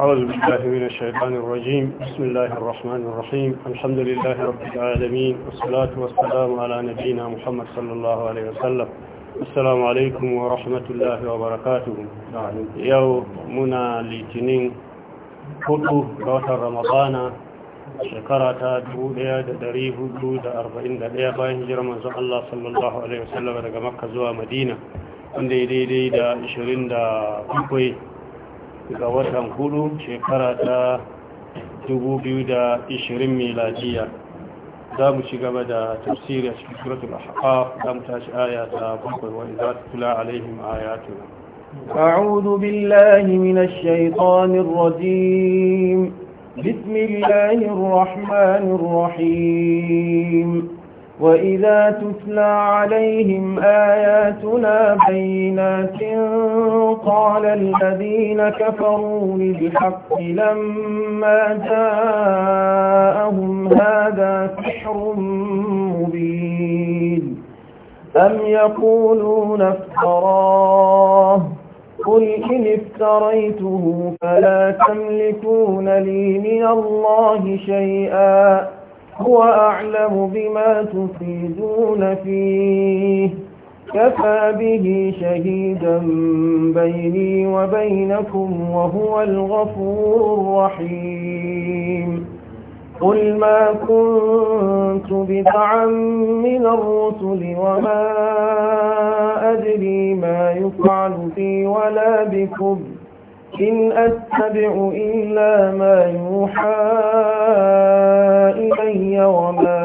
أعوذ بالله من الشيطان الرجيم بسم الله الرحمن الرحيم الحمد لله رب العالمين والصلاة والسلام على نبينا محمد صلى الله عليه وسلم السلام عليكم ورحمة الله وبركاته يوم منا لتنين hudu ga watan ramadana shekara ta 1441 bayan hijirar manzon Allah sallallahu alaihi wasallam daga makka zuwa madina wanda ya daidai da 27 ga watan hudu shekara ta 2020 miladiya za mu ci gaba da tafsiri a cikin suratul ahqaf za mu tashi aya ta bakwai wa idza tutla alaihim ayatuna a'udhu billahi minash shaitanir rajim بسم الله الرحمن الرحيم وإذا تتلى عليهم آياتنا بينات قال الذين كفروا بِالْحَقِّ لما جاءهم هذا سحر مبين أم يقولون افتراه قل إن افتريته فلا تملكون لي من الله شيئا هو أعلم بما تفيدون فيه كفى به شهيدا بيني وبينكم وهو الغفور الرحيم قل ما كنت بدعا من الرسل وما أدري ما يفعل بي ولا بكم إن أتبع إلا ما يوحى إلي وما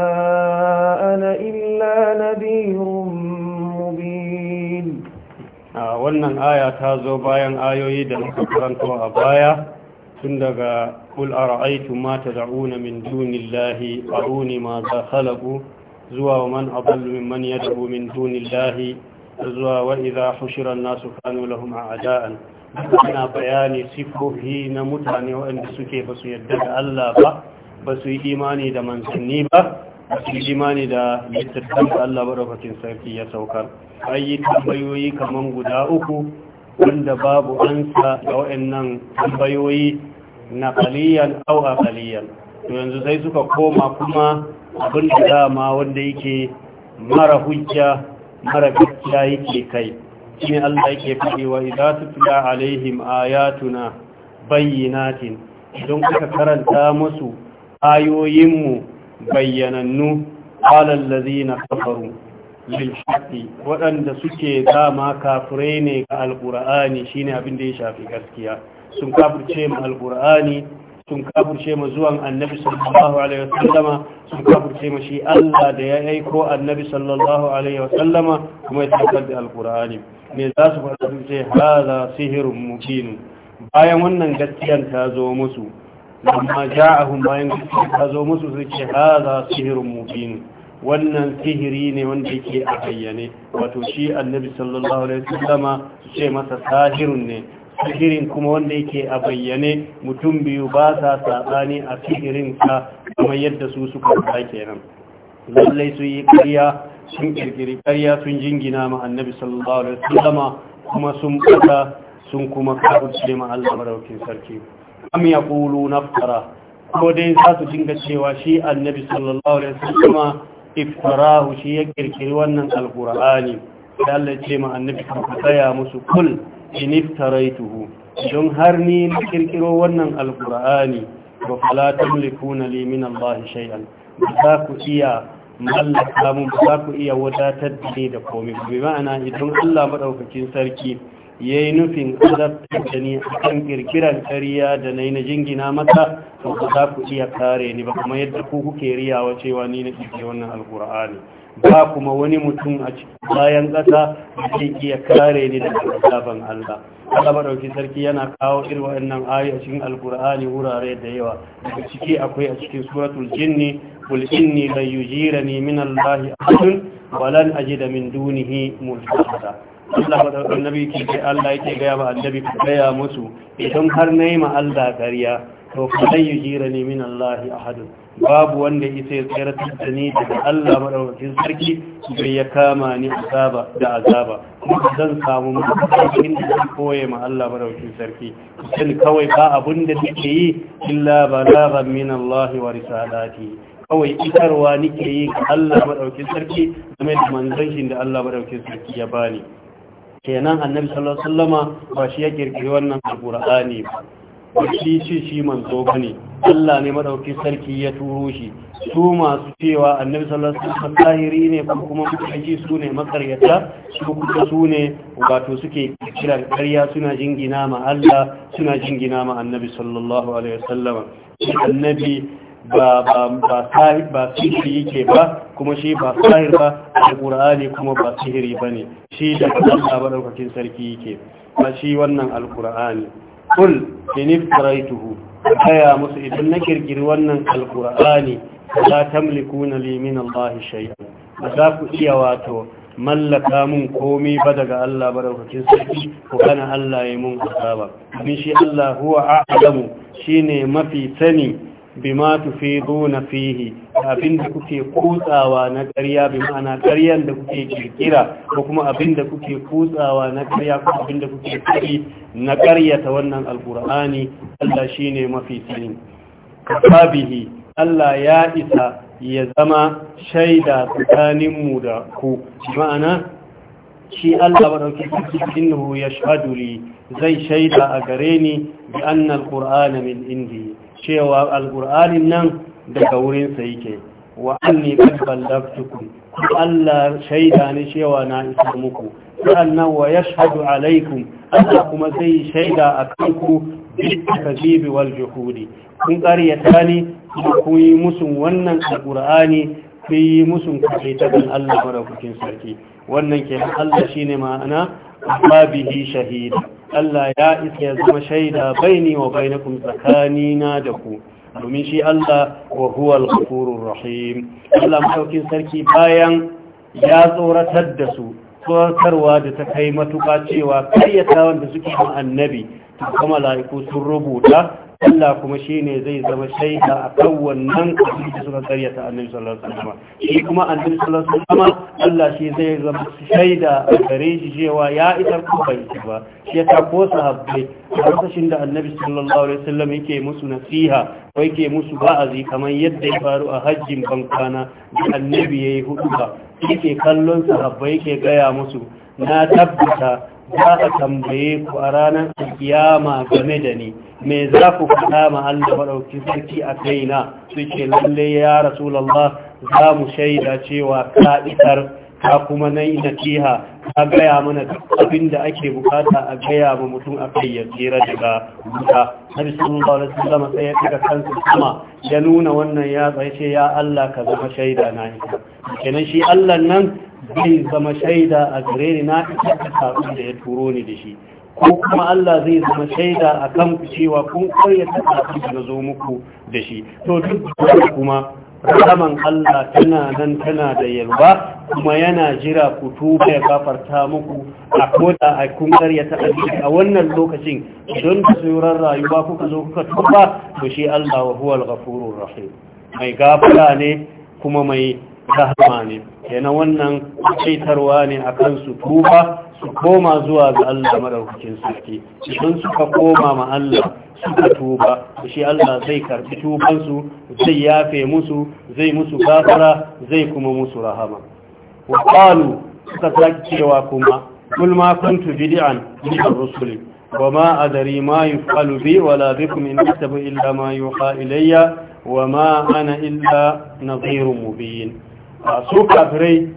أنا إلا نذير مبين wannan aya ta zo bayan ayoyi da muka karanto a baya tun daga kul ara'aytum ma tad'una min dunillahi aruni ma za khalaqu zuwa man adallu mimman yad'u min dunillahi zuwa wa idha hushira an-nasu kanu lahum a'da'an ana bayani sifofi na mutane waɗanda suke ba su yadda da Allah ba ba su yi imani da manzanni ba ba su yi imani da littattun da Allah maɗaukakin sarki ya saukar ayi tambayoyi kamar guda uku wanda babu ansa ga waɗannan tambayoyi na kaliyan au a kaliyan to yanzu sai suka koma kuma abin da dama wanda yake mara hujja mara gaskiya yake kai shi ne Allah yake faɗi wa idza tutla alaihim ayatuna bayyinatin don kuka karanta musu mu bayyanannu qala allazina kafaru lil haqqi waɗanda suke dama kafure ne ga alqur'ani shine abin da ya shafi gaskiya sun kafirce mu alqur'ani sun kafurce ma zuwan annabi sallallahu alaihi wasallama sun kafurce ma shi Allah da ya aiko annabi sallallahu alaihi wasallama kuma ya saukar da alkur'ani me za su faɗa sun ce haza sihirun mubin bayan wannan gaskiyan ta zo musu amma ja'ahum bayan gaskiyan ta zo musu sun ce haza sihirun mubin wannan sihiri ne wanda yake a bayyane wato shi annabi sallallahu alaihi wasallama su ce masa sahirun ne sihirin kuma wanda yake a bayyane mutum biyu ba sa saɓani a sihirinsa kamar yadda su suka ta kenan lallai su yi ƙarya sun ƙirƙiri ƙarya sun jingina ma annabi sallallahu alaihi wasallama kuma sun ɓata sun kuma kafirce ma Allah maraukin sarki am yaqulu naftara ko dai za su dinga cewa shi annabi sallallahu alaihi wasallama iftarahu shi ya ƙirƙiri wannan alqur'ani da Allah ya ce ma annabi ka tsaya musu kul in tuhu don har ni na kirkiro wannan alkur'ani ba fala tamlikuna li min Allah shay'an ba za ku iya mallaka mun ba za ku iya wadatar da ni da komai bi ma'ana idan Allah madaukakin sarki ya yi nufin azabtar da ni a kan kirkirar kariya da na yi na jingina mata to ba za ku iya kare ni ba kuma yadda ku kuke riyawa cewa ni na kike wannan alkur'ani ba kuma wani mutum a bayan ƙasa da zai iya kare ni daga azaban Allah Allah madauki sarki yana kawo irin waɗannan ayoyi a cikin alkur'ani wurare da yawa daga ciki akwai a cikin suratul jinni qul inni la yujirani min Allah ahadun wa lan ajida min dunihi multahada Allah ba da annabi ke ce Allah yake gaya ba annabi ka gaya musu idan har na yi ma Allah ƙarya to falai yi jira ne min Allah ahadu babu wanda isa ya tsayar da ni daga Allah madaukakin sarki bai ya kama ni azaba da azaba kuma zan samu mutum da zan koye ma Allah madaukakin sarki sai kawai ba abun da nake yi illa balagan min Allah wa risalati kawai isarwa nike yi ga Allah maɗaukin sarki game da manzon da Allah maɗaukin sarki ya bani kenan annabi sallallahu alaihi wasallama ba shi ya kirkiri wannan alqur'ani ba shi shi shi manzo bane Allah ne madauki sarki ya turo shi su masu cewa annabi sallallahu alaihi wasallam tahiri ne ko kuma mutaci su ne makaryata su kuma su ne wato suke kiran ƙarya suna jingina ma Allah suna jingina ma annabi sallallahu alaihi wasallama annabi ba ba sihiri yake ba kuma shi ba sahir ba alkur'ani kuma ba sihiri ba ne shi da Allah ba daukakin sarki yake ba shi wannan alkur'ani Ful inif taraituhu kaya musu idan na kirkiri wannan alkur'ani la tamlikuna li min Allah shay'an ba za ku iya wato mallaka mun komai ba daga Allah baraukakin sarki ko kana Allah ya mun azaba min shi Allah huwa a'lamu shine mafi sani bima tufiduna fihi abin da kuke kutsawa na ƙarya bi ma'ana ƙaryan da kuke kirkira ko kuma abinda kuke kutsawa na ƙarya ko abinda kuke kiri na ƙaryata wannan alkur'ani Allah ne mafi sani kafabihi Allah ya isa ya zama shaida tsakanin mu da ku ma'ana shi Allah madauki innahu yashhadu li zai shaida a gare ni bi anna alqur'ana min cewa Alkur'ani nan daga wurinsa yake wa anni qad ballagtukum Allah shaida ne cewa na isa muku sannan wa yashhadu alaikum Allah kuma zai shaida a ku bil kadhibi wal juhudi kun ƙaryata ne kun yi musun wannan Alkur'ani kun yi musun kaɗaitakon Allah marafukin sarki wannan ke Allah shi ne ma'ana babihi shahida Allah ya isa ya zama shaida baini wa bainakum tsakanina da ku domin shi Allah wa huwa al-ghafurur rahim Allah madaukin sarki bayan ya tsoratar da su tsoratarwa da ta kai matuƙa cewa karyatawan da suke ma annabi kuma mala'iku sun rubuta Allah kuma shi ne zai zama shaida a kan wannan abin da suka karyata annabi sallallahu alaihi wasallam shi kuma annabi sallallahu alaihi wasallam Allah shi zai zama shaida a gare shi cewa ya isa ko bai isar ba shi ya tako sahabbai lokacin da annabi sallallahu alaihi wasallam yake musu nasiha ko yake musu ba'azi kamar yadda ya faru a hajjin bankana da annabi yayi hudu ba yake kallon sahabbai yake gaya musu na tabbata za a tambaye ku a ranar kiyama game da ni me za ku faɗa ma Allah maɗauki sarki a kaina Suke ce lalle ya rasulallah za mu shaida cewa ka isar ka kuma na yi nasiha ka gaya mana abin da ake bukata a gaya ma mutum a kai ya tsira daga wuta nabi sallallahu alaihi wasallam sai ya daga kansa sama ya nuna wannan ya tsaye ya Allah ka zama shaida na ita kenan shi Allah nan zai zama shaida a gare ni na ita da da ya turo ni da shi ko kuma Allah zai zama shaida a kan cewa kun karyata saƙon da na zo muku da shi to duk kuma rahaman Allah tana nan tana da yalwa kuma yana jira ku tuba ya gafarta muku a koda a kun karyata a wannan lokacin don tsoron rayuwa kuka zo kuka tuba to shi Allah wa huwal ghafurur rahim mai gafara ne kuma mai rahama ne kenan wannan kaitarwa ne akan su tuba su koma zuwa ga Allah madaukakin sarki idan suka koma ma Allah suka tuba shi Allah zai karbi tubansu zai yafe musu zai musu gafara zai kuma musu rahama wa qalu suka sake cewa kuma kul ma kuntu bid'an min ar-rusuli wa ma adri ma yuf'alu bi wala bikum in tabu illa ma yuha ilayya wa ma ana illa nadhirun su kafirai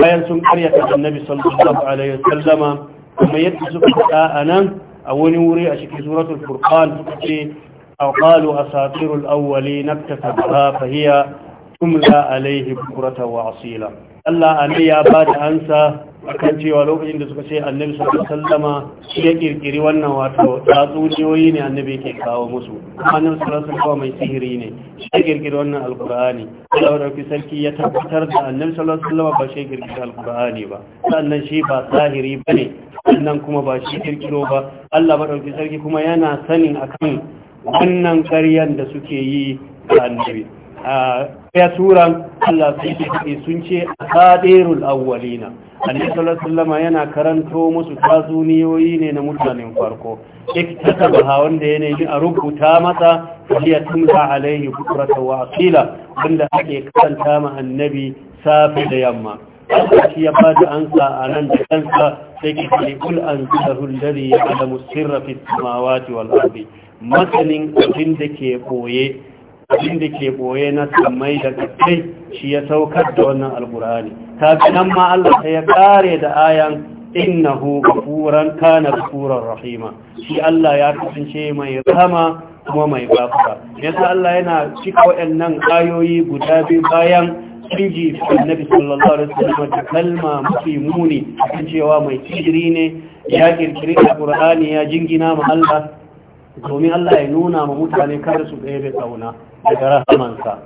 bayan sun karyata annabi sallallahu alaihi wasallama kuma yadda suka faɗa a nan a wani wuri a cikin suratul furqan suka ce aw qalu asatirul awwalin naktafa fahiya tumla alaihi bukrata wa asila Allah Ali ya ba da ansa akan cewa lokacin da suka ce annabi sallallahu alaihi wasallama ya kirkiri wannan wato tatsuniyoyi ne annabi yake kawo musu annabi sallallahu alaihi wasallama mai sihiri ne shi ya kirkiri wannan alqur'ani Allah wadauki sarki ya tabbatar da annabi sallallahu alaihi wasallama ba shi kirkiri alqur'ani ba sannan shi ba sahiri bane sannan kuma ba shi kirkiro ba Allah madauki sarki kuma yana sanin akan wannan ƙaryan da suke yi ga annabi a ya turan Allah sai sun ce asadirul awwalina annabi sallallahu alaihi yana karanto musu tazuniyoyi ne na mutanen farko iktataba ha wanda nemi a rubuta masa ya tumza alaihi kutrata wa aqila wanda ake karanta ma annabi safi da yamma shi ya bada ansa a nan da kansa sai ki ce kul anzahu alladhi ya'lamu sirra fis samawati wal ardi masanin abin da ke koye abin da ke ɓoye na samai da kai shi ya saukar da wannan alkur'ani fi nan ma Allah sai ya kare da ayan innahu ghafuran kana rahima shi Allah ya kasance mai rama kuma mai Me yasa Allah yana cika waɗannan ayoyi guda biyu bayan inji annabi sallallahu alaihi wasallam da kalma mafi muni cewa mai tijiri ne ya kirkiri alkur'ani ya jingina ma Allah domin Allah ya nuna ma mutane kada su ɗaya da tsauna daga rahamansa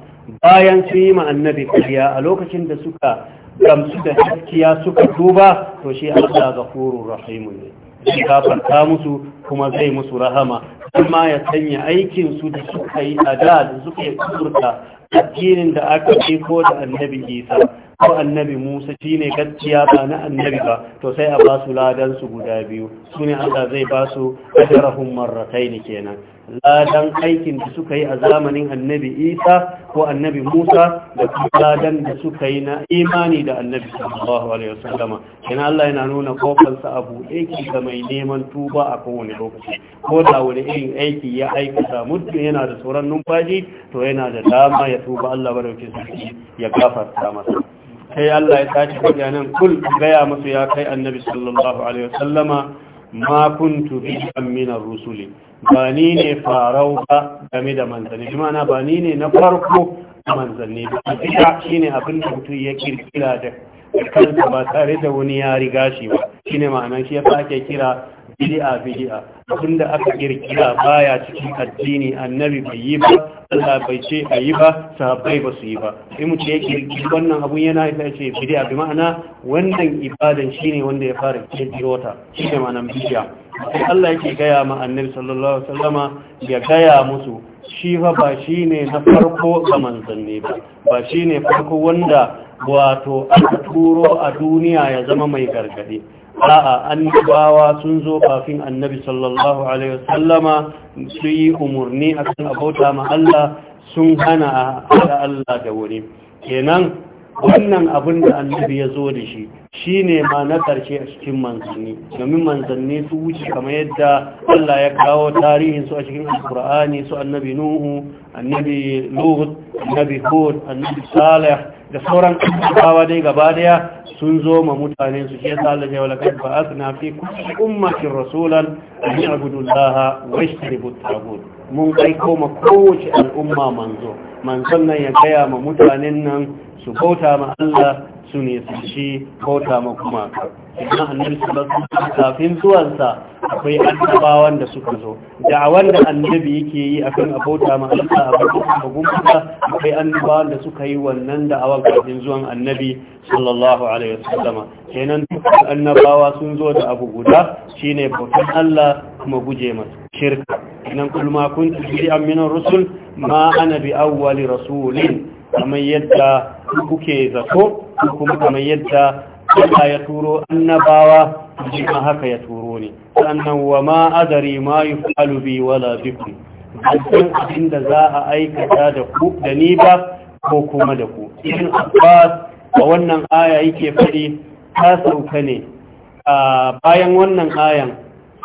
bayan su yi ma annabi kariya a lokacin da suka gamsu da haskiya suka duba to shi Allah gafurur rahimu ne zai gafarta musu kuma zai musu rahama amma ya sanya aikin su da suka yi a da da suka yi kusurta addinin da aka ko da annabi Isa ko annabi musa shine gaskiya ba na annabi ba to sai a ba su guda biyu sune allah zai basu su ajarahun marratai kenan ladan aikin da suka yi a zamanin annabi isa ko annabi musa da ladan da suka yi na imani da annabi sallallahu alaihi wasallama kenan allah yana nuna kofansa sa buɗe ki ga mai neman tuba a kowane lokaci ko da wani irin aiki ya aikata mutum yana da tsoron numfashi to yana da dama ya tuba allah barauke sa ya gafarta masa sai Allah ya tashi bayanan kul gaya masu ya kai annabi sallallahu alaihi wasallama ma kuntu bi min rusuli ba ni ne farau ba game da manzanni kuma na ba ni ne na farko manzanni ba shi ne abin da mutum ya kirkira da kansa ba tare da wani ya riga shi ba shine ma'anar shi ya sake kira bid'a bid'a abinda aka kirkira baya cikin addini annabi bai yi ba Allah bai ce ayi ba sahabbai ba su yi ba sai mu ce kirkiri wannan abun yana ita ce bid'a bi ma'ana wannan ibadan shine wanda ya fara kirkiro ta shine ma'anar bid'a sai Allah yake gaya ma annabi sallallahu alaihi wasallama ya gaya musu shi fa ba shine na farko ga manzanni ba ba shine farko wanda wato aka turo a duniya ya zama mai gargadi a'a annabawa sun zo kafin annabi sallallahu alaihi wasallama su yi umarni akan abota ma Allah sun hana a Allah da wuri kenan wannan abin da annabi ya zo da shi shi ne ma na ƙarshe a cikin manzanni domin manzanni su wuce kamar yadda Allah ya kawo tarihin su a cikin alkur'ani su annabi nuhu annabi lut annabi hud annabi salih da sauran kawawa dai gaba daya sun zo ma mutane su ke salace wa laƙar ba a suna fi kusa ummatin rasulan a yi abudullaha washe buttagun mun kai koma kowace al'umma manzo manzon nan ya kaya ma mutanen nan su bauta ma Allah su ne su shi bauta makuma kuma idan annabi sallallahu alaihi wasallam kafin zuwansa akwai annabawan da suka zo Da wanda annabi yake yi akan abota ma Allah a bakin gumba akwai annabawan da suka yi wannan da awa kafin zuwan annabi sallallahu alaihi wasallam kenan dukkan annabawa sun zo da abu guda shine bautan Allah kuma guje masa shirka inan kulma kuntu bi minan rusul ma ana bi awwali rasulin kamar yadda kuke zato kuma kamar yadda Allah ya turo annabawa ma haka ya turo ne sannan wa ma adari ma yufalu bi wala bikum abin abin da za a aikata da ku da ni ba ko kuma da ku in abbas a wannan aya yake faɗi ta sauka ne a bayan wannan ayan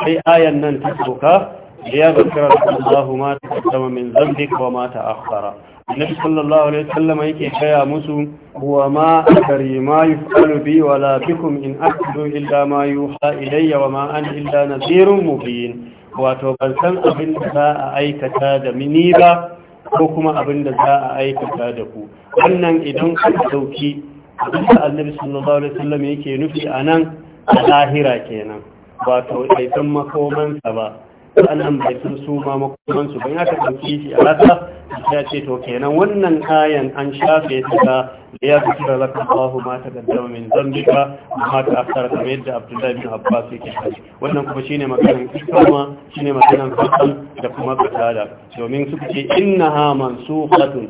sai ayan nan ta sauka ya zakara Allahu ma ta kaddama min zambika wa ma ta akhara annabi sallallahu alaihi wasallam yake kaya musu wa ma akari ma yufalu bi wala bikum in akdu illa ma yuha ilayya wa ma an illa nadhirun mubin wato ban san abin da za a aikata da mini ba ko kuma abin da za a aikata da ku wannan idan aka dauki abin da annabi sallallahu alaihi wasallam yake nufi anan a lahira kenan wato bai makomansa ba sa'annan bai san su ma makomansu ban aka ɗauki shi a rasa ya ce to kenan wannan ayan an shafe ta da ya fi kira laka bahu ma ta gaddama min zambika ma ta aftar kamar yadda Abdullahi bin Abbas yake shi wannan kuma shine maganar kuma shine maganar hasan da kuma qatada domin su ce innaha mansukhatun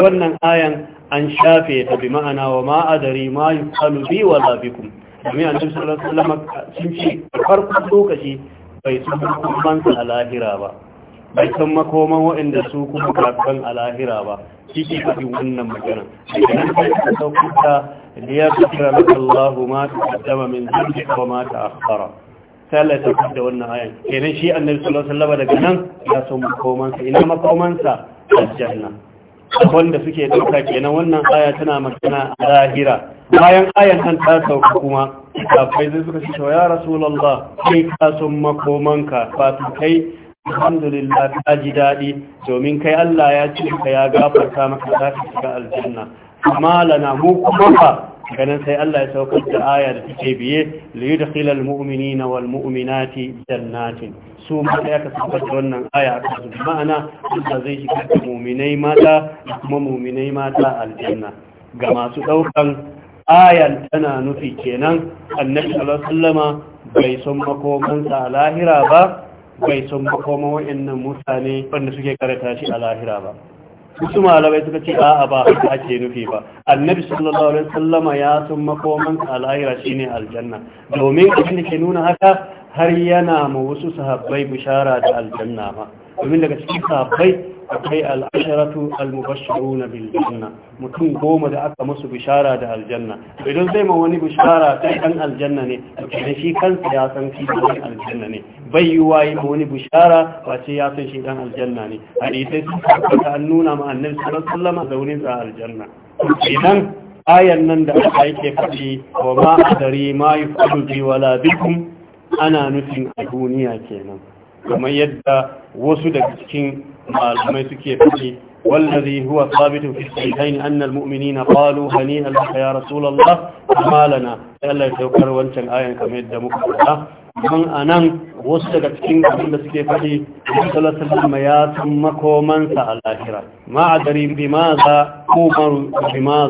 wannan ayan an shafe ta bi ma'ana wa ma adari ma yuqalu bi wala bikum domin annabi sallallahu alaihi wasallam sun ce farkon lokaci bai san makomansa a lahira ba bai san makoman waɗanda su kuma kafin a lahira ba shi ke wannan magana idan kai ka saukuta da ya fitira Allahu ma ta kaddama min zuci ko ma ta akhara sai Allah ya saukar da wannan ayan kenan shi annabi sallallahu alaihi wasallam daga nan ya san makomansa ina makomansa aljanna wanda suke ɗauka kenan wannan aya tana magana a zahira bayan ayan nan ta sauka kuma kafai zai suka ce ya rasulallah kai ka sun makomanka fatu kai alhamdulillah ta ji daɗi domin kai Allah ya ce ka ya gafarta maka za ka shiga aljanna amma lana mu kuma ba ganin sai Allah ya saukar da aya da take biye li yudkhilal na wal mu'minati jannatin su mata ya kasance da wannan aya a kasu ma'ana Allah zai shiga da muminai mata da kuma muminai mata aljanna ga masu ɗaukan ayan tana nufi kenan annabi sallallahu alaihi wasallama bai san makomansa a lahira ba bai san makoman wayannan mutane wanda suke karanta shi a lahira ba wasu malamai suka ce a'a ba haka ake nufi ba annabi sallallahu alaihi wasallama ya san makoman al'ahira shine aljanna domin abin da ke nuna haka har yana ma wasu sahabbai bishara da aljanna ba domin daga cikin sahabbai akwai al'asharatu al-mubashshiruna na mutum goma da aka masu bishara da aljanna idan zai ma wani bishara ta dan aljanna ne da shi kansa ya san shi wani aljanna ne bai yi wayi ma wani bishara ba ce ya san shi dan aljanna ne hadisai sun tabbata an nuna ma annabi sallallahu alaihi wasallam zaunin sa aljanna idan ayan nan da aka yake fadi wa ma ma yufalu bi wala bikum ana nufin a duniya kenan kamar yadda wasu daga cikin malamai suke fadi wallazi huwa sabitu fi sahihain anna almu'minina qalu hanina lak ya rasulullah amalana Allah ya saukar wancan ayan kamar yadda muka faɗa kuma anan wasu daga cikin abin da suke fadi sallallahu alaihi wasallam ya san makoman sa a lahira ma adari bi ma za umar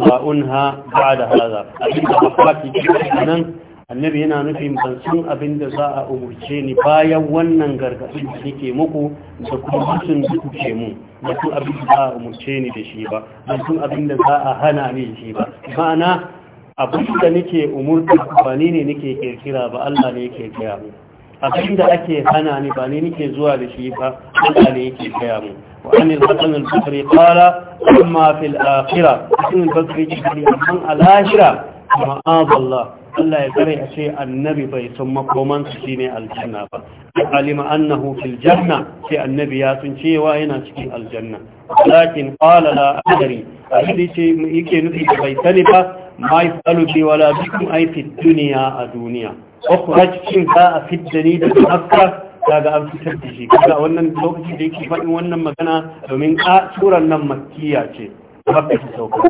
bi unha ba'da hadha abin da ba ki nan annabi yana nufin ban san abin da za a umurce ni bayan wannan gargaɗin da nake muku da kuma mutum da kuke mu ban kun abin da za a umurce ni da shi ba ban kun abin da za a hana ni shi ba ma'ana abin da nake umurta ba ni ne nake kirkira ba Allah ne yake kira mu abin da ake hana ni ba ni nake zuwa da shi ba Allah ne yake kira mu wa an al-hasan al-basri qala amma fil akhirah sun al-basri ji amma al-akhirah ma'azallah Allah ya kare a ce annabi bai sun makomansu shi ne aljanna ba alima annahu fil janna ce annabi ya sun cewa yana cikin aljanna lakin qala la a abin ce yake nufi da bai sani ba ma yasalu bi wala bikin ay duniya a duniya ukhraj shin ka a fiddani da makka daga an fitar da shi kaga wannan lokaci da yake faɗin wannan magana domin a suran nan makkiya ce makka ta sauka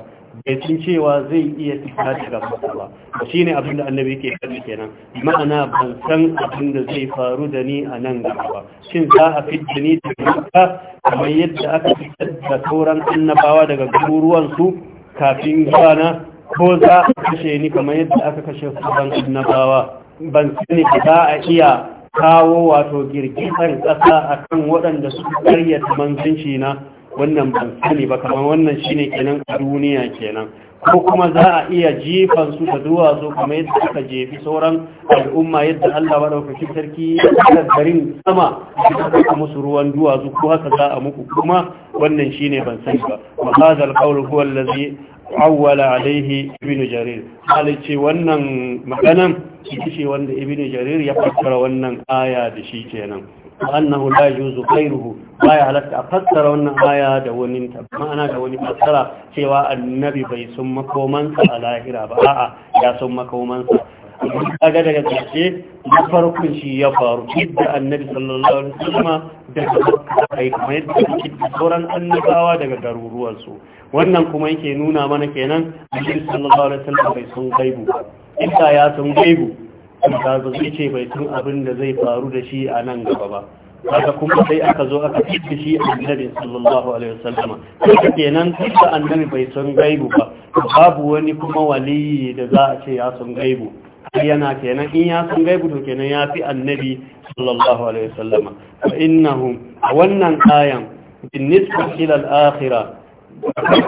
bai cewa zai iya fita daga masa ba shi ne abinda annabi ke faɗi kenan ma'ana ban san abinda zai faru da ni a nan gaba ba shin za a fidda ni daga maka kamar yadda aka fitar da sauran annabawa daga garuruwansu kafin na ko za a kashe ni kamar yadda aka kashe sauran annabawa ban sani ba za a iya kawo wato girgizan ƙasa akan waɗanda su karyata manzanci na wannan ban sani ba kamar wannan shine kenan a duniya kenan ko kuma za a iya jifan su da duwatsu kamar yadda aka jefi sauran al'umma yadda Allah madaukakin sarki ya garin sama da musu ruwan duwatsu ko haka za a muku kuma wannan shine ban sani ba wa hadha al huwa awwala alaihi ibnu jarir halice wannan maganan shi shi wanda ibnu jarir ya fassara wannan aya da shi kenan وأنه لا يجوز غيره ما يهلك أفسر وأن آية دونين معنى دوني فسر سوى النبي بي ثم كومن على هراب آآ يا ثم كومن kaga daga ƙarshe na farkon shi ya faru da annabi sallallahu alaihi wasallam daga kai kuma yadda ake sauran annabawa daga garuruwansu wannan kuma yake nuna mana kenan annabi sallallahu alaihi wasallam bai sun gaibu inda ya sun gaibu ba zai ce bai san abin da zai faru da shi a nan gaba ba haka kuma sai aka zo aka fitta shi annabi sallallahu alaihi wasallama haka kenan duk annabi bai san gaibu ba babu wani kuma waliyi da za a ce ya san gaibu yana kenan in ya san gaibu to kenan ya fi annabi sallallahu alaihi wasallama fa innahum wannan ayan bin nisbati ila akhirah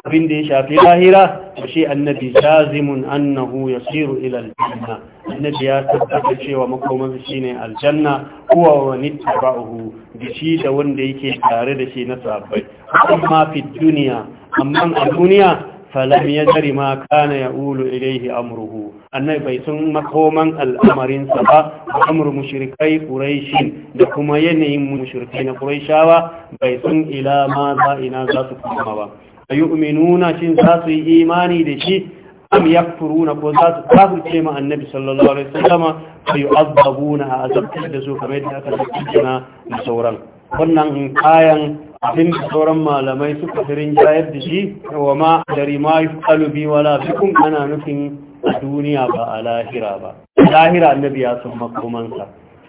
abin da ya shafi lahira shi annabi jazimun annahu yasiru ilal janna annabi ya tabbata cewa makomansa shine aljanna huwa wa nittaba'uhu da shi da wanda yake tare da shi na sahabbai amma fi duniya amma a duniya falam yajri ma kana yaqulu ilayhi amruhu Annabi bai sun makoman al'amarin sa ba amru mushrikai quraishin da kuma yanayin mushrikai na quraishawa bai sun ila ma za ina za su kuma ba yu'minuna shin za su yi imani da shi am yakfuruna ko za su ce ma annabi sallallahu alaihi wasallama fa yu'azzabuna a azabtar da su kamar yadda aka zakkina da sauran wannan kayan abin da sauran malamai suka firin jayar da shi wa ma dari ma yuqalu bi wala bikum ana nufin a duniya ba a lahira ba lahira annabi ya san makomansa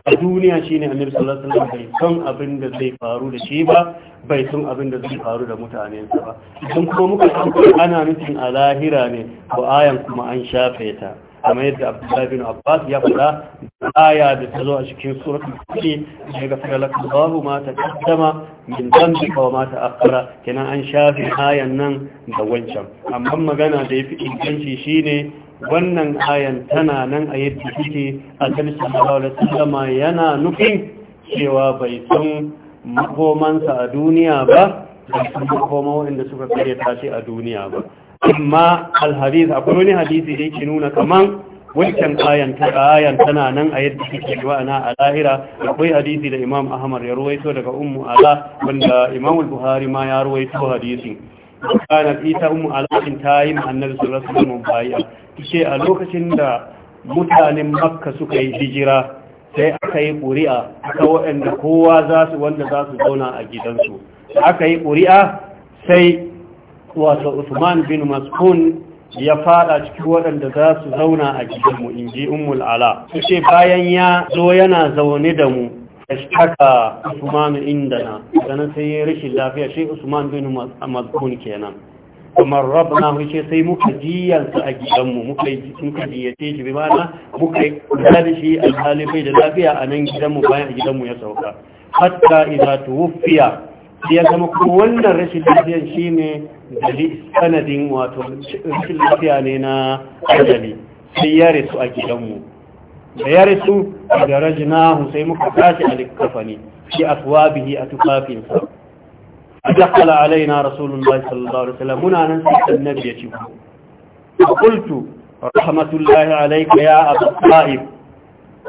a duniya shine annabi sallallahu alaihi wasallam bai san abin da zai faru da shi ba bai san abin da zai faru da mutanensa ba idan kuma muka san ana nufin a lahira ne ko ayan kuma an shafe ta kamar yadda Abdullahi bin Abbas ya faɗa aya da ta zo a cikin suratul Fil ya ga fara laka Allahu ma kaddama min dhanbika ko ma ta akhara kenan an shafe ayan nan da wancan amma magana da yafi inganci shine wannan ayan tana nan a yadda take a ƙarshen alawar yana nufin cewa bai san makomansa a duniya ba bai san makoma waɗanda suka kare tashi a duniya ba amma alhadis akwai wani hadisi da yake nuna kaman wancan ayan ta ayan tana nan a yadda take wa'ana a lahira akwai hadisi da imam ahmad ya ruwaito daga ummu ala wanda imam al buhari ma ya ruwaito hadisin kana ita umu alamin ta yi annabi sallallahu alaihi wasallam baya ce a lokacin da mutanen makka suka yi hijira sai aka yi ƙuri'a aka waɗanda kowa za su wanda za su zauna a gidansu aka yi ƙuri'a sai wato usman bin maskun ya fada cikin waɗanda za su zauna a gidanmu in ji ummul ala su bayan ya zo yana zaune da mu haka Usman indana sanan sai ya rashin lafiya shi Usman bin Mazkun kenan kamar rabna huce sai muka jiyansa a gidanmu muka jiyace shi bi mana muka kula da shi alhalibai da lafiya a nan gidanmu bayan a gidanmu ya sauka hatta idza tuwfiya sai ya zama kuma wannan rashin lafiyan shi ne sanadin wato rashin lafiya ne na ajali sai ya rasu a gidanmu da ya rasu da rajina sai muka tashi a likafani shi a a tufafinsa a dakkala alai na rasulullah sallallahu alaihi wasallam muna nan sai annabi ya ci ku a kultu rahmatullah alaika ya abu sa'ib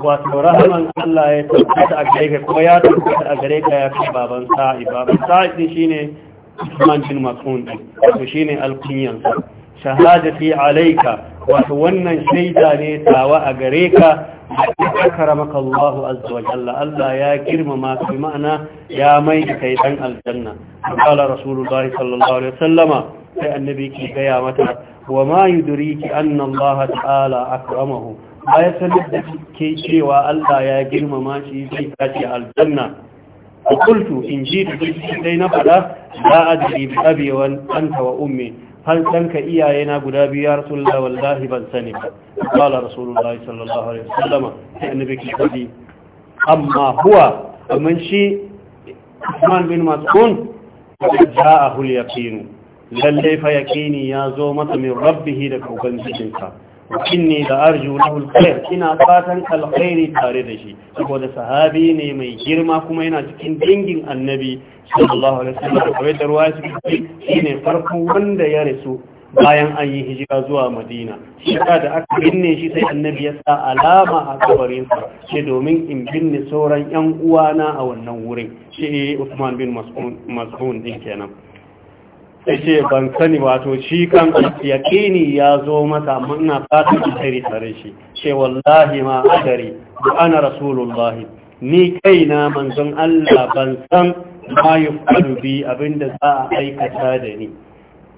wato rahman allah ya tabbata a gare ka kuma ya tabbata a gare ka ya fi baban sa'ib baban sa'ib din shine usman bin mas'ud din wato shine alqiyansa shahadati alayka wato wannan shaida ne tawa a gare ka akramaka Allah azza wa jalla Allah ya girmama kai ma'ana ya mai kai dan aljanna qala rasulullahi sallallahu alaihi wasallama sai annabi ki gaya mata wa ma yudriki anna Allah ta'ala akramahu ya sanar da ke cewa Allah ya girmama shi zai kace aljanna qultu in ji sai na fada Za adri bi abi wa anta wa ummi هل تنك إياينا قدابي يا رسول الله والله بل سنب قال رسول الله صلى الله عليه وسلم النبي كتبي أما هو من شيء عثمان بن مسعود جاءه اليقين للي فيقيني يا زومة من ربه لك وبنزلنك inni da arju lahul khair ina fatan alkhairi tare da shi saboda sahabi ne mai girma kuma yana cikin dingin annabi sallallahu alaihi wasallam kawai da ruwa shi shine farko wanda ya rasu bayan an yi hijira zuwa madina shi da aka binne shi sai annabi ya sa alama a kabarinsa shi domin in binne sauran yan uwana a wannan wurin shi Usman bin Mas'ud din kenan sai ce ban sani wato shi kan yaƙini ya zo mata amma ina fatan alheri tare shi ce wallahi ma adari da ana rasulullah ni kaina manzon Allah ban san ma yufalu bi abinda za a aikata da ni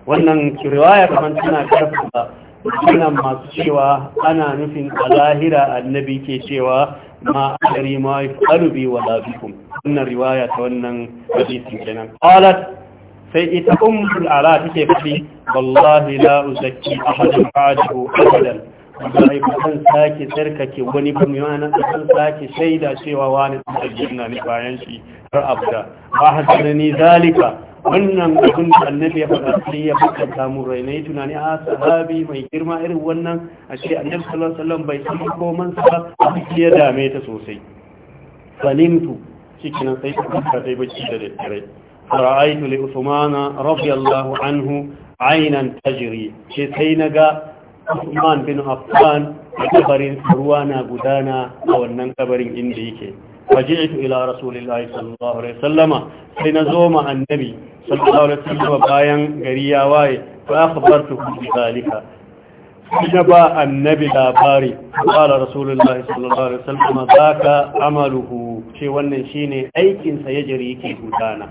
wannan riwaya kamar tana karfafa sunan masu cewa ana nufin a zahira annabi ke cewa ma adari ma yufalu bi wa lafikum wannan riwaya ta wannan hadisin kenan sai ita ummul ala take faɗi wallahi la uzakki ahadan ba'dahu abadan wallahi ba zan sake tsarkake wani ba mai wani zan sake shaida cewa wani aljanna ne bayan shi har abda ba hasanani zalika wannan abin da annabi ya faɗa sai ya faɗa samu rai na tunani a ah, sahabi mai girma irin wannan a ce annabi sallallahu alaihi bai san ko sa a ya dame ta sosai falimtu cikin sai ta kanta dai bacci da daddare فرأيت لأثمان رضي الله عنه عينا تجري شتينغا عثمان بن عفان كبرين سروانا غدانا أو أنن كبرين إنديك فجئت إلى رسول الله صلى الله عليه وسلم سنزوم النبي صلى الله عليه وسلم بايا غريا واي فأخبرته بذلك نبا النبي لاباري قال رسول الله صلى الله عليه وسلم ذاك عمله شي wannan shine aikin sa yajiri yake gudana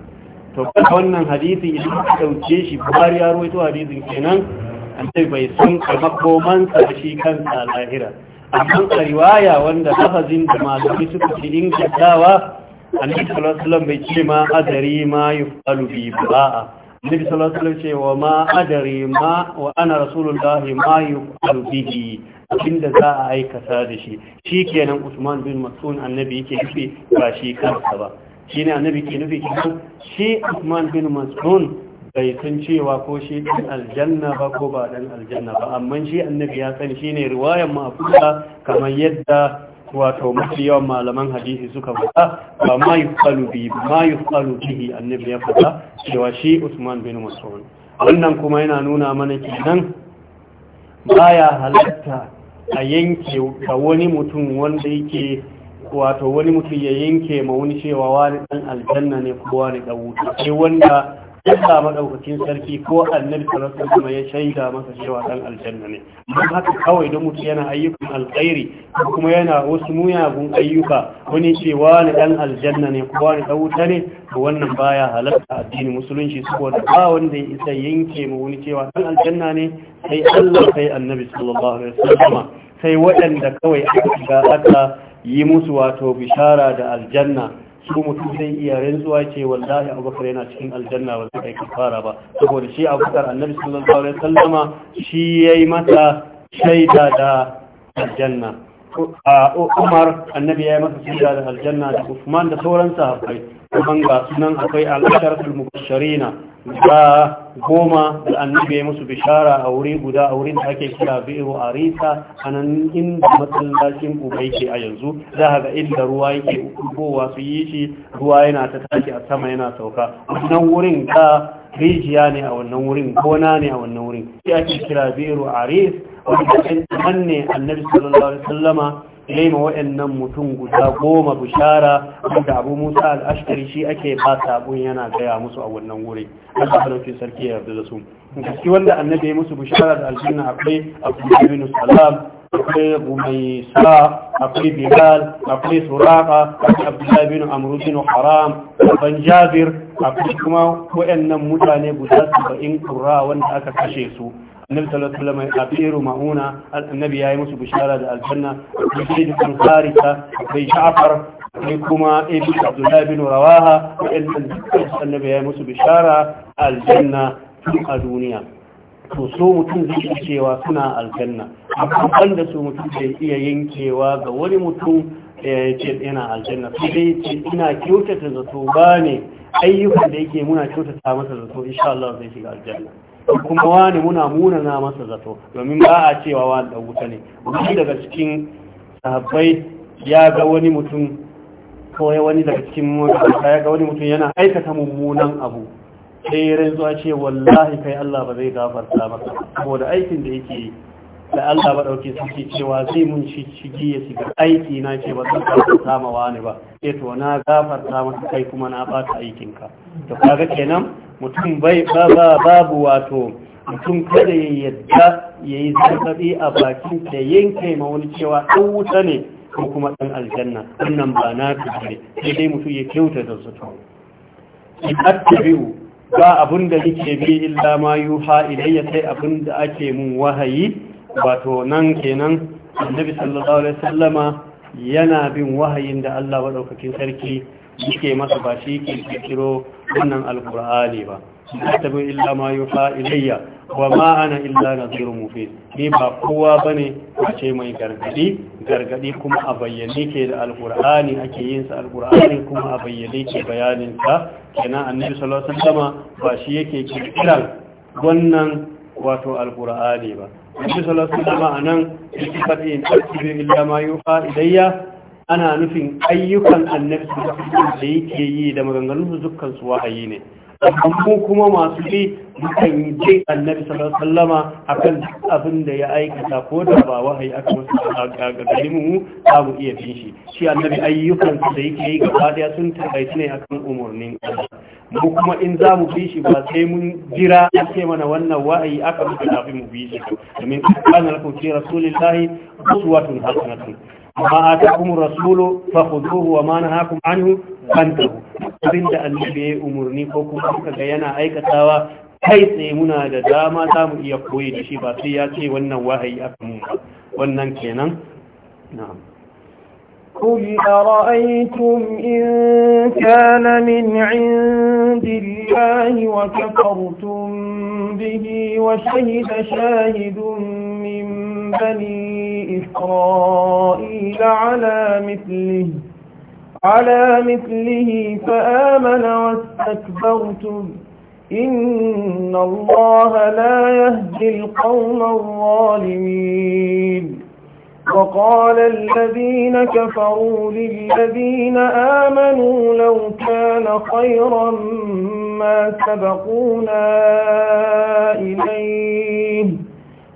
to wannan hadisin idan ka dauke shi buhari ya rawaito hadisin kenan annabi bai san kamakoman sa shi kansa lahira amma a riwaya wanda lafazin da malamai suka ci ingantawa annabi sallallahu alaihi wasallam bai ce ma adari ma yufalu bi ba'a annabi sallallahu alaihi wasallam ce wa ma adari ma wa ana rasulullahi ma yufalu bihi abinda za a aikata da shi shikenan usman bin mas'un annabi yake nufi ba shi kansa ba shi ne annabi ke nufi shi usman bin mas'un bai san cewa ko shi din aljanna ba ko ba dan aljanna ba amma shi annabi ya san shi ne riwayar ma'afuka kamar yadda wato mafi yawan malaman hadisi suka faɗa ba ma yi bi ma yi bihi annabi ya faɗa cewa shi usman bin mas'un wannan kuma yana nuna mana kenan baya halatta a yanke da wani mutum wanda yake wato wani mutum ya yanke ma wani cewa wani dan aljanna ne ko wani dan wuta sai wanda Allah madaukakin sarki ko annabi sallallahu alaihi wasallam ya shaida masa cewa dan aljanna ne don haka kawai don mutum yana ayyukan alkhairi kuma yana wasu muyagun ayyuka wani ce wani dan aljanna ne ko wani dan wuta ne to wannan baya halarta addini musulunci saboda ba wanda ya isa yanke ma wani cewa dan aljanna ne sai Allah sai annabi sallallahu alaihi wasallam sai waɗanda kawai aka aka yi musu wato bishara da aljanna su mutum zai iya rantsuwa ce wallahi abubakar yana cikin aljanna ba zai kai fara ba saboda shi abubakar annabi sallallahu alaihi wasallama shi yayi mata shaida da aljanna a umar annabi yayi masa shaida da aljanna da usman da sauran sahabbai kuma ga sunan akwai al-asharatul da goma da annabi musu bishara a wuri guda a wurin da ake kira biru a rita a nan inda matsalacin uba yake a yanzu za ga inda ruwa yake kowa su yi shi ruwa yana ta tashi a sama yana sauka wannan wurin ga rijiya ne a wannan wurin gona ne a wannan wurin shi ake kira biru a rita wanda ya ne annabi sallallahu alaihi wasallama ne wa'annan mutum guda goma bishara da abu musa al'ashkari shi ake ba sabon yana gaya musu a wannan wuri an tafarauki sarki ya yarda da su gaske wanda annabi ya musu bishara da aljanna akwai abu ibn salam akwai sa akwai bilal akwai suraka akwai abdullahi bin bin haram ban jabir akwai kuma waɗannan mutane guda saba'in kura wanda aka kashe su annabi sallallahu alaihi wasallam abiru mauna annabi yayi musu bishara da aljanna akwai dukkan harisa akwai ja'far akwai kuma ibn abdullah bin rawaha annabi yayi musu bishara aljanna a duniya to so mutum zai iya cewa suna aljanna akwai da su mutum zai iya yankewa ga wani mutum eh, ya ce yana aljanna sai dai ce ina kyautata zato ba ne ayyukan da yake muna kyautata masa zato insha Allah zai shiga aljanna kuma wani muna munana masa zato domin ba a cewa wani da wuta ne wani daga cikin sahabbai ya ga wani mutum kawai wani daga cikin mota ya ga wani mutum yana aikata mummunan abu sai ran rantsuwa ce wallahi kai Allah ba zai gafarta maka saboda aikin da yake da Allah ba dauke suke cewa zai mun shi ya shiga aiki na ce ba zan gafarta ma wani ba sai eh to na gafarta maka kai kuma na bata aikinka to kaga kenan mutum bai ba babu wato mutum kada ya yadda ya yi zarfaɗi a bakin da yanke ma wani cewa ɗan wuta ne ko kuma ɗan aljanna wannan ba na kare sai dai mutum ya kyauta da zato in biyu ba abin da yake bi illa ma idan ya sai abin da ake mun wahayi wato nan kenan annabi sallallahu alaihi wasallama yana bin wahayin da Allah madaukakin sarki yake masa ba shi ke kirkiro wannan alkur'ani ba tattabi illa ma yuha ilayya wa ma ana illa nadhirun mufid ni ba kowa bane ce mai gargadi gargadi kuma a bayyane ke da alkur'ani ake yin sa alqur'ani kuma a bayyane ke bayanin sa kenan annabi sallallahu alaihi wasallam ba shi yake kirkiran wannan wato alqur'ani ba annabi sallallahu alaihi wasallam anan yake in tattabi illa ma yuha ilayya ana nufin ayyukan annabi da yake yi da maganganun dukkan su wahayi ne amma kuma masu bi dukkan yi annabi sallama akan kan abin da ya aikata ko da ba wahayi aka masu gagari mu za mu iya bin shi shi annabi ayyukansu da yake yi gaba daya sun taɓaici ne akan umarnin Allah mu kuma in za mu bi shi ba sai mun jira a ce mana wannan wa'ayi aka muka tafi mu bi shi domin kan alkauci rasulillahi watan hasanatu ma atakum rasulu fakhuduhu wa ma nahakum anhu da abinda annabi ya umarni ko kuma kuka ga yana aikatawa kai tsaye muna da dama za mu iya koyi da shi ba sai ya ce wannan wahayi akan mu wannan kenan na'am قل أرأيتم إن كان من عند الله وكفرتم به وشهد شاهد من بني إسرائيل على مثله على مثله فآمن واستكبرتم إن الله لا يهدي القوم الظالمين وقال الذين كفروا للذين آمنوا لو كان خيرا ما سبقونا إليه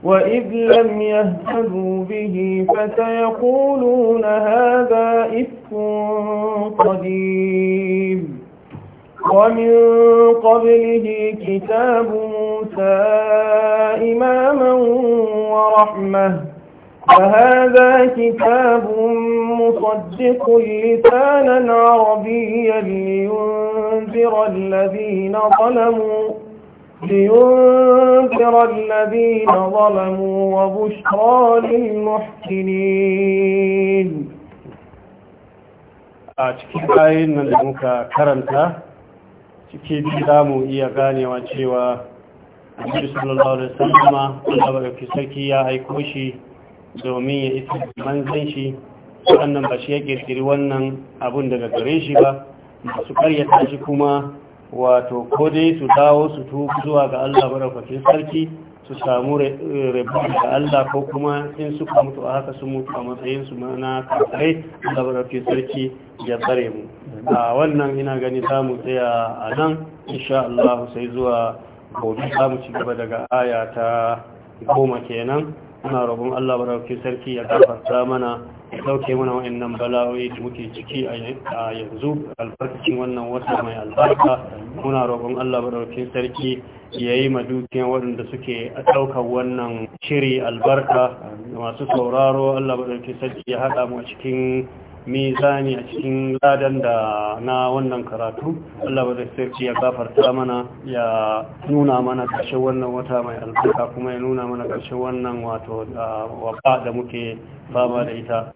وإذ لم يهتدوا به فسيقولون هذا إفك قديم ومن قبله كتاب موسى إماما ورحمة فهذا كتاب مصدق لسانا عربيا لينذر الذين ظلموا لينذر الذين ظلموا وبشرى للمحسنين a cikin ayin nan da muka karanta ciki biyu za mu iya ganewa cewa abu sallallahu alaihi wasallama Allah baka sarki ya aiko shi domin ya isa manzan shi wannan ba shi ya ƙirƙiri wannan abun daga gare shi ba masu karyata shi kuma wato ko dai su dawo su tuku zuwa ga Allah barafafin sarki su samu rabu ga Allah ko kuma in suka mutu a haka sun mutu a matsayin su mana kasarai Allah barafafin sarki ya tsare mu a wannan ina gani za mu tsaya a nan insha Allah sai zuwa gobe za mu ci gaba daga aya ta goma kenan muna roƙon Allah barauki sarki ya gafarta mana ya dauke mana wayannan bala'o'i da muke ciki a yanzu albarkacin wannan wata mai albarka muna roƙon Allah barauki sarki ya yi ma waɗanda suke ɗaukar wannan shiri albarka masu sauraro Allah barauki sarki ya haɗa mu cikin mizani a cikin ladan da na wannan karatu Allah ba zai sarki ya gafarta mana ya nuna mana ƙarshen wannan wata mai alfaka. kuma ya nuna mana ƙarshen wannan wato da ah, da muke fama da ita